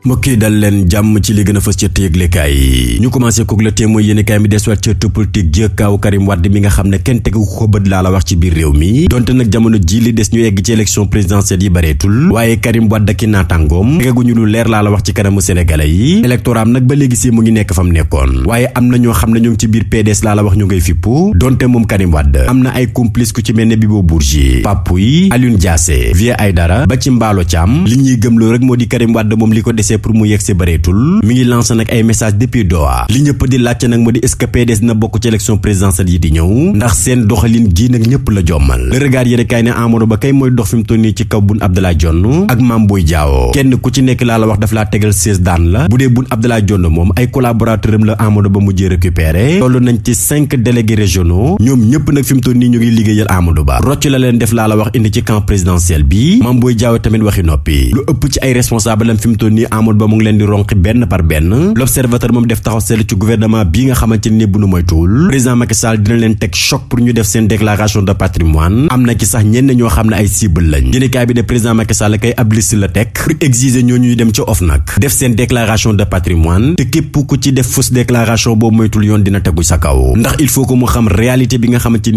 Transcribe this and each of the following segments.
mbokk yi dal leen jàmm ci li gën a fës ca yëglekaay yi ñu commencé kook la témoin yéenekaay mi des waat ca politique jë Karim Wade mi nga xam ne kenn tegu ko bët laa la wax ci biir réew mi donte nag jamono ji li des ñu egg ci élection présidentielle yi bareetul waaye Karim Wade ak i naataangoom tegaguñu lu leer laa la wax ci kanamu sénégalais yi électorat am nag ba léegi si mu ngi nekk fa nekkoon waaye am na ñoo xam ne ñu ngi ci biir PDS laa la wax ñu ngay fippu dese pour mu yegg si mi ngi lancer nak ay message depuis Doha li ñëpp di laajte nak moo di est-ce que PDS dina bokk ci élection présidentielle yi di ñëw ndax seen doxalin gi nak ñëpp la jommal le regard yéen kay ne Amadou Ba kay mooy dox fi mu ci kaw Boun Abdallah Dionne ak mam boy Diao kenn ku ci nekk la la wax daf la tégal 16 daan la bu dee Boun Abdallah Dionne moom ay collaborateur am la Amadou Ba mu mujjee récupéré tollu nañ ci 5 délégués régionaux ñom ñëpp nak fi mu ñu ngi liggéeyal Amadou Ba rocc la leen def la la wax indi ci camp présidentiel bi mam boy Diao tamit waxi nopi lu ëpp ci ay responsable am fi mu Amadou Ba mu ngi leen di ronqi benn par benn l'observateur moom def taxaw seetlu ci gouvernement bi nga xamante ni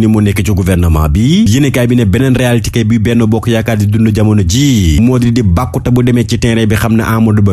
mu nekk ci gouvernement bi yéenekaay bi ne beneen réalité bi benn bokk yaakaar di dund jamono ji moo di di bàkku bu demee ci terrain bi xam ne Amadou Ba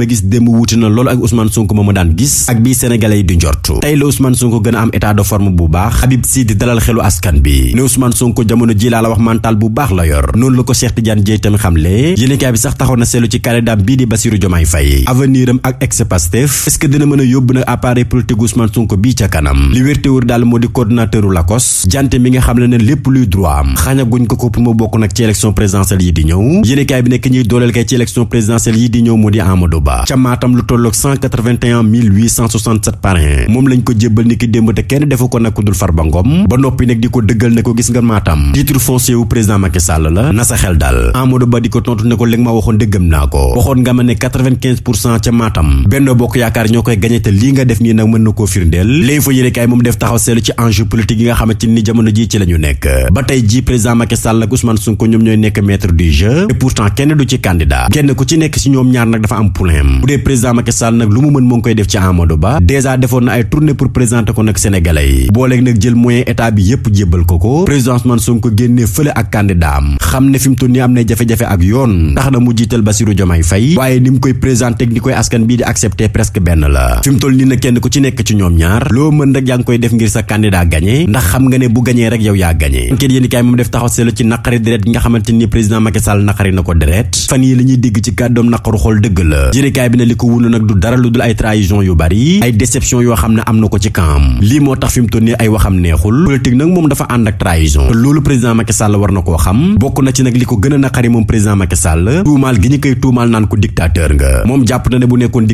ma gis démb wuuti loolu ak Ousmane Sonko ma ma daan gis ak bii sénégalais yi di njort tey la Ousmane Sonko gën a am état de forme bu baax Habib Sy di dalal xelu askan bi ne Ousmane Sonko jamono ji laa la wax mental bu baax la yor noonu la ko Cheikh Tidiane Dieye tamit xamle yéenekaay bi sax taxaw na seetlu ci candidat bii di Bassirou Diomaye Faye avenir ak ex-Pastef dina mën a yóbbu nag appareil politique Ousmane Sonko bii ca kanam li wér daal Ba ca Matam lu tolloog 181 867 parrain moom lañ ko jébbal ni ki démb te kenn defu ko nag ku dul Ngom ba noppi nag di ko dëggal ne ko gis nga Matam titre foncier président Macky la na sa xel daal Amadou Ba di ko tontu ne ko li ma waxoon dëggam naa ko waxoon nga ma ne ca Matam Benno Bokk Yaakaar ñoo koy gañe te nga def nii nag mën na koo firndeel léegi fa yéene moom def taxaw seetlu ci enjeu politique yi nga xamante ci la ñu ji ci candidat kenn même bu dee président Macky Sall nag lu mu mën moo ngi koy def ci Amadou Ba dèjà defoon na ay tournée pour présenter ko nag sénégalais yi booleeg nag jël moyen état bi yépp jébbal ko ko président Ousmane Sonko génnee fële ak candidat xam ne fi mu toll nii am na jafe-jafe ak yoon ndax na mu jiital Bassirou Diomaye Faye waaye ni mu koy présenté ni koy askan bii di accepté presque benn la fi mu nii nag kenn ku ci nekk ci ñoom ñaar loo mën rek yaa ngi koy na ko deret fan yi la ñuy yéenekaay bi ne yoo xam ne am na ko ci kaam lii moo tax moom dafa ànd ak trahison te loolu président na koo xam bokk na ci nag li ko a naqari moom président Macky Sall ne bu nekkoon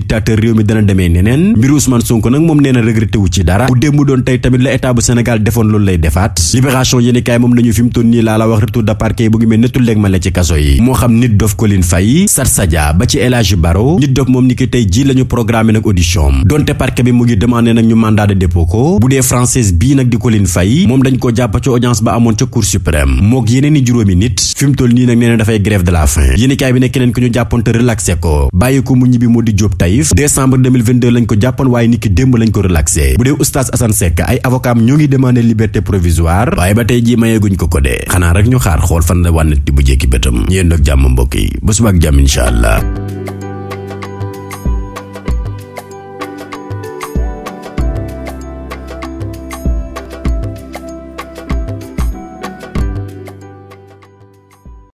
moom nee na regretté wu dara bu démb doon tey tamit la état bu Sénégal defoon loolu lay defaat libération nañu fi mu nii laa la wax retour de parquet bu ngi mel nettul leeg ci kaso yi moo xam nit dof Colin Faye Sat ba ci El Baro ko nit dof moom ni ki tey ji la ñu programmé nag audition am donte parquet bi mu ngi demandé nag ñu mandat de dépôt ko bu dee française bii nag di Colline Faye moom dañ ko jàpp ci audience ba amoon ca cour suprême mook yeneen i juróomi nit fi toll nii nag nee na dafay grève de la faim yéeni bi ne keneen ku ñu jàppoon te ko bàyyi ko mu ñibbi moo di Jóob Taïf décembre lañ ko jàppoon waaye ni ki démb lañ ko relaxé bu dee oustaz Assane Seck ay avocat ñoo ngi demandé liberté ko ko dee rek ñu xaar xool fan la wànnati bu jekki yi ba subaak jàmm incha allah